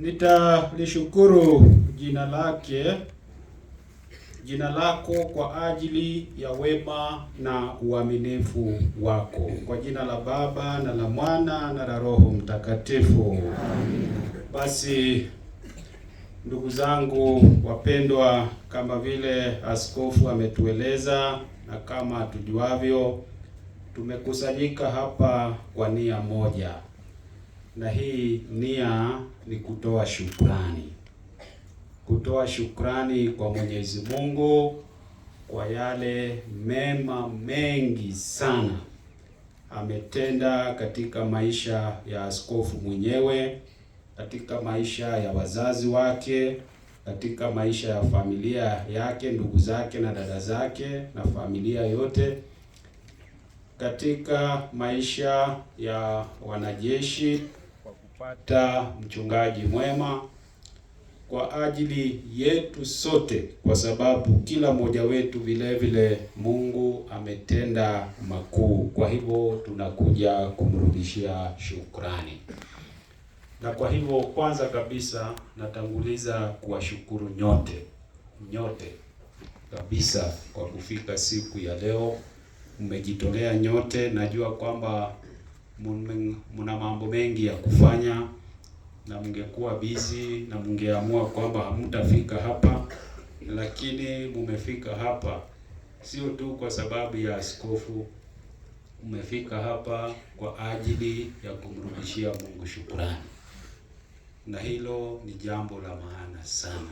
nitalishukuru jina lake jina lako kwa ajili ya wema na uaminifu wako, kwa jina la Baba na la Mwana na la Roho Mtakatifu. Basi ndugu zangu wapendwa, kama vile askofu ametueleza na kama tujuavyo, tumekusanyika hapa kwa nia moja na hii nia ni kutoa shukrani, kutoa shukrani kwa Mwenyezi Mungu kwa yale mema mengi sana ametenda katika maisha ya askofu mwenyewe, katika maisha ya wazazi wake, katika maisha ya familia yake, ndugu zake na dada zake na familia yote, katika maisha ya wanajeshi kupata mchungaji mwema kwa ajili yetu sote, kwa sababu kila mmoja wetu vile vile Mungu ametenda makuu. Kwa hivyo tunakuja kumrudishia shukrani, na kwa hivyo kwanza kabisa natanguliza kuwashukuru nyote nyote kabisa kwa kufika siku ya leo, mmejitolea nyote. Najua kwamba mna mambo mengi ya kufanya na mngekuwa busy na mngeamua kwamba hamtafika hapa, lakini mmefika hapa sio tu kwa sababu ya askofu. Mmefika hapa kwa ajili ya kumrudishia Mungu shukrani, na hilo ni jambo la maana sana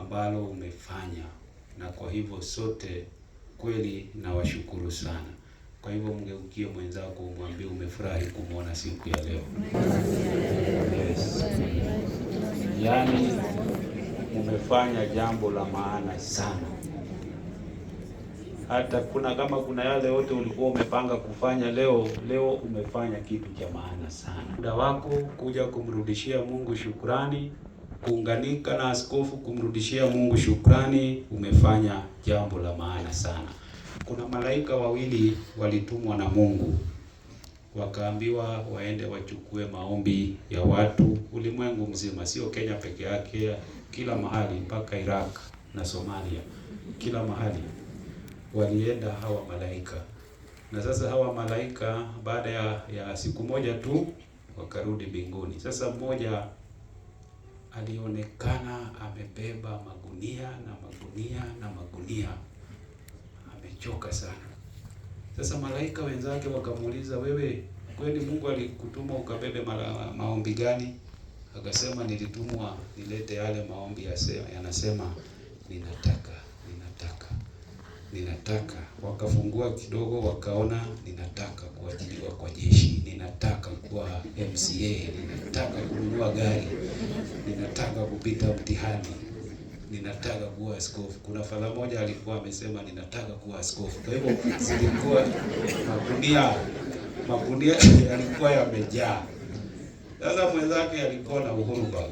ambalo umefanya, na kwa hivyo sote kweli nawashukuru sana. Kwa hivyo mgeukie mwenzako umwambie umefurahi kumwona siku ya leo. Yes. Yaani umefanya jambo la maana sana. Hata kuna kama kuna yale yote ulikuwa umepanga kufanya leo, leo umefanya kitu cha maana sana. Muda wako kuja kumrudishia Mungu shukrani, kuunganika na askofu kumrudishia Mungu shukrani, umefanya jambo la maana sana kuna malaika wawili walitumwa na Mungu wakaambiwa waende wachukue maombi ya watu ulimwengu mzima, sio Kenya peke yake, kila mahali mpaka Iraq na Somalia, kila mahali walienda hawa malaika. Na sasa hawa malaika baada ya, ya siku moja tu wakarudi mbinguni. Sasa mmoja alionekana amebeba magunia na magunia na magunia alichoka sana. Sasa malaika wenzake wakamuuliza, wewe kweli Mungu alikutuma ukabebe mara maombi gani? Akasema, nilitumwa nilete yale maombi yanasema ninataka, ninataka, ninataka. Wakafungua kidogo, wakaona ninataka kuajiliwa kwa jeshi, ninataka kuwa MCA, ninataka kununua gari, ninataka kupita mtihani ninataka kuwa askofu. Kuna fala moja alikuwa amesema ninataka kuwa askofu. Kwa hivyo zilikuwa magunia magunia yalikuwa yamejaa. Sasa mwenzake alikuwa na Uhuru bag.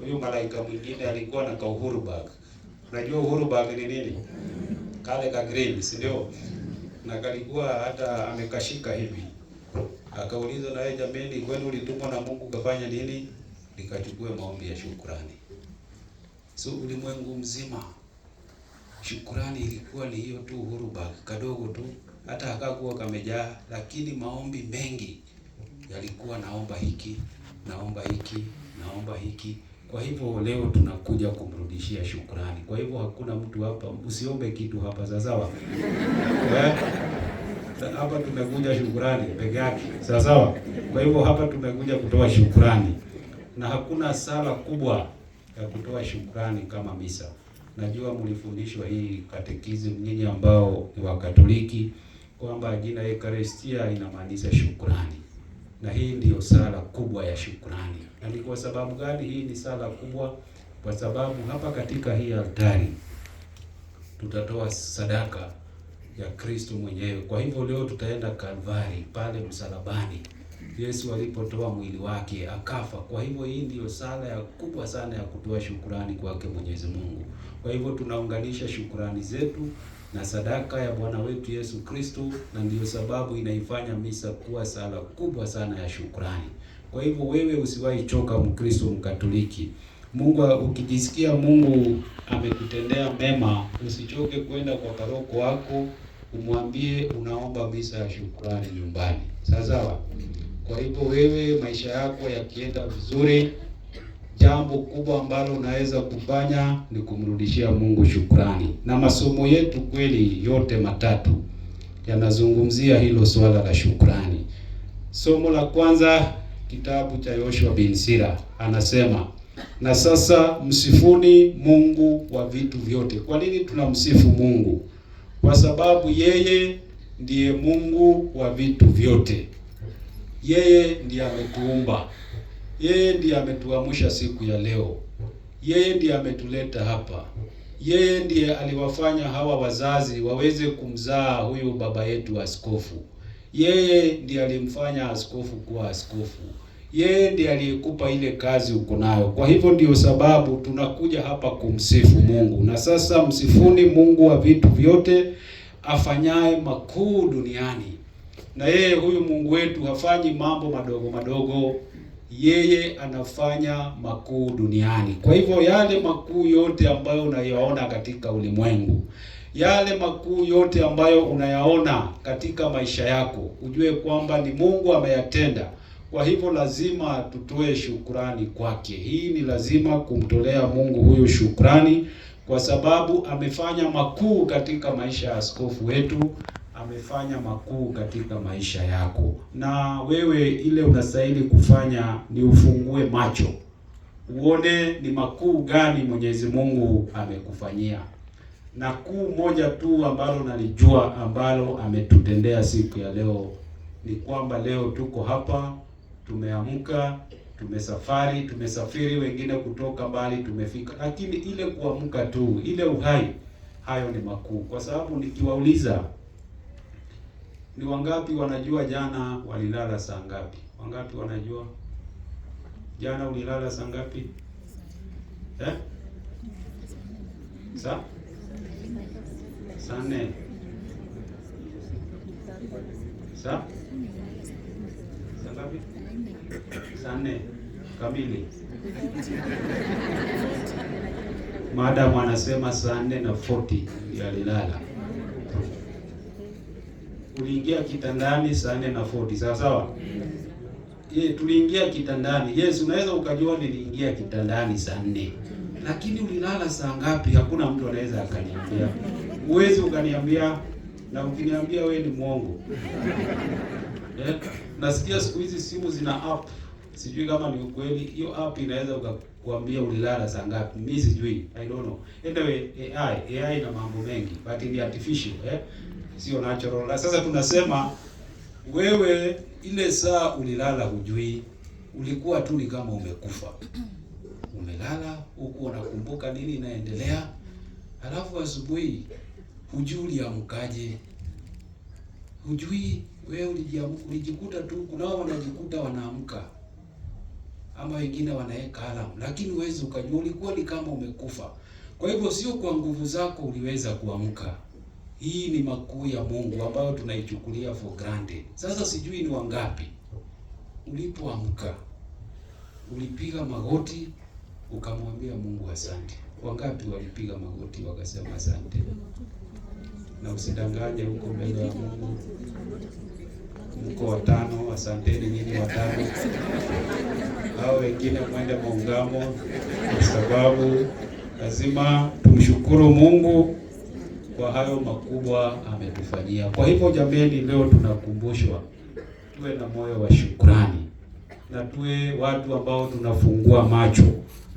huyu malaika mwingine alikuwa na ka Uhuru bag. Unajua Uhuru bag ni nini? Kale ka green, si ndio? Na kalikuwa hata amekashika hivi. Akauliza, na yeye jamani, kwani ulitumwa na Mungu kafanya nini? Nikachukue maombi ya shukrani. So ulimwengu mzima shukurani ilikuwa ni hiyo tu, huruba kadogo tu, hata hakakuwa kamejaa, lakini maombi mengi yalikuwa naomba hiki, naomba hiki, naomba hiki. Kwa hivyo leo tunakuja kumrudishia shukurani. Kwa hivyo hakuna mtu hapa, usiombe kitu hapa, sawasawa? Eh? Hapa tumekuja shukurani peke yake, sawasawa? Kwa hivyo hapa tumekuja kutoa shukurani, na hakuna sala kubwa ya kutoa shukrani kama misa. Najua mlifundishwa hii katekism nyinyi ambao ni Wakatoliki kwamba jina Ekaristia inamaanisha shukrani, na hii ndiyo sala kubwa ya shukrani. Na ni kwa sababu gani hii ni sala kubwa? Kwa sababu hapa katika hii altari tutatoa sadaka ya Kristo mwenyewe. Kwa hivyo leo tutaenda Kalvari pale msalabani. Yesu alipotoa mwili wake akafa. Kwa hivyo hii ndiyo sala ya kubwa sana ya kutoa shukurani kwake Mwenyezi Mungu. Kwa hivyo tunaunganisha shukurani zetu na sadaka ya Bwana wetu Yesu Kristo, na ndiyo sababu inaifanya misa kuwa sala kubwa sana ya shukurani. Kwa hivyo wewe usiwahi choka, Mkristo Mkatoliki. Mungu ukijisikia Mungu amekutendea mema, usichoke kwenda kwa paroko wako umwambie unaomba misa ya shukurani nyumbani. Sawa sawa. Kwa hivyo wewe, maisha yako yakienda vizuri, jambo kubwa ambalo unaweza kufanya ni kumrudishia Mungu shukrani. Na masomo yetu kweli yote matatu yanazungumzia hilo swala la shukrani. Somo la kwanza kitabu cha Yoshua bin Sira anasema, na sasa msifuni Mungu wa vitu vyote. Kwa nini tunamsifu Mungu? Kwa sababu yeye ndiye Mungu wa vitu vyote. Yeye ndiye ametuumba, yeye ndiye ametuamsha siku ya leo, yeye ndiye ametuleta hapa, yeye ndiye aliwafanya hawa wazazi waweze kumzaa huyu baba yetu askofu. Yeye ndiye alimfanya askofu kuwa askofu. Yeye ndiye aliyekupa ile kazi uko nayo. Kwa hivyo ndio sababu tunakuja hapa kumsifu Mungu. Na sasa msifuni Mungu wa vitu vyote afanyaye makuu duniani na yeye huyu Mungu wetu hafanyi mambo madogo madogo, yeye anafanya makuu duniani. Kwa hivyo yale makuu yote ambayo unayaona katika ulimwengu, yale makuu yote ambayo unayaona katika maisha yako, ujue kwamba ni Mungu ameyatenda. Kwa hivyo lazima tutoe shukrani kwake. Hii ni lazima kumtolea Mungu huyu shukrani, kwa sababu amefanya makuu katika maisha ya askofu wetu amefanya makuu katika maisha yako, na wewe ile unastahili kufanya ni ufungue macho uone ni makuu gani Mwenyezi Mungu amekufanyia, na kuu moja tu ambalo nalijua ambalo ametutendea siku ya leo ni kwamba leo tuko hapa, tumeamka, tumesafari, tumesafiri wengine kutoka mbali tumefika, lakini ile kuamka tu, ile uhai, hayo ni makuu, kwa sababu nikiwauliza ni wangapi wanajua jana walilala saa ngapi? Wangapi wanajua jana ulilala saa ngapi? Eh? Sa? Saa nne. Saa? Saa ngapi? Saa nne kamili. Madam anasema saa nne na 40 alilala uliingia kitandani saa nne na forty sawa sawa? Ye, eh, tuliingia kitandani. Yes, unaweza ukajua niliingia kitandani saa nne lakini ulilala saa ngapi? Hakuna mtu anaweza akaniambia, uwezi ukaniambia, na ukiniambia wewe ni mwongo. yeah. nasikia siku hizi simu zina app, sijui kama ni ukweli. Hiyo app inaweza ukakuambia ulilala saa ngapi, mimi sijui, I don't know. Anyway, AI AI ina mambo mengi but ni artificial eh sio natural. Na sasa tunasema wewe, ile saa ulilala hujui, ulikuwa tu ni kama umekufa, umelala huku unakumbuka nini inaendelea, alafu asubuhi hujui uliamkaje, hujui wewe ulijikuta tu. Kunao wanajikuta wanaamka ama wengine wanaweka alamu, lakini huwezi ukajua, ulikuwa ni kama umekufa. Kwa hivyo sio kwa nguvu zako uliweza kuamka, hii ni makuu ya Mungu ambayo tunaichukulia for granted. Sasa sijui ni wangapi ulipoamka ulipiga magoti ukamwambia Mungu asante. wangapi walipiga magoti wakasema asante? Na usidanganye huko mbele ya Mungu, mko watano, asanteni nyinyi watano hao wengine mwende maungamo, kwa sababu lazima tumshukuru Mungu kwa hayo makubwa ametufanyia. Kwa hivyo jameni, leo tunakumbushwa tuwe na moyo wa shukrani na tuwe watu ambao tunafungua macho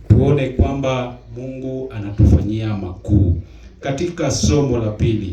tuone kwamba Mungu anatufanyia makuu. Katika somo la pili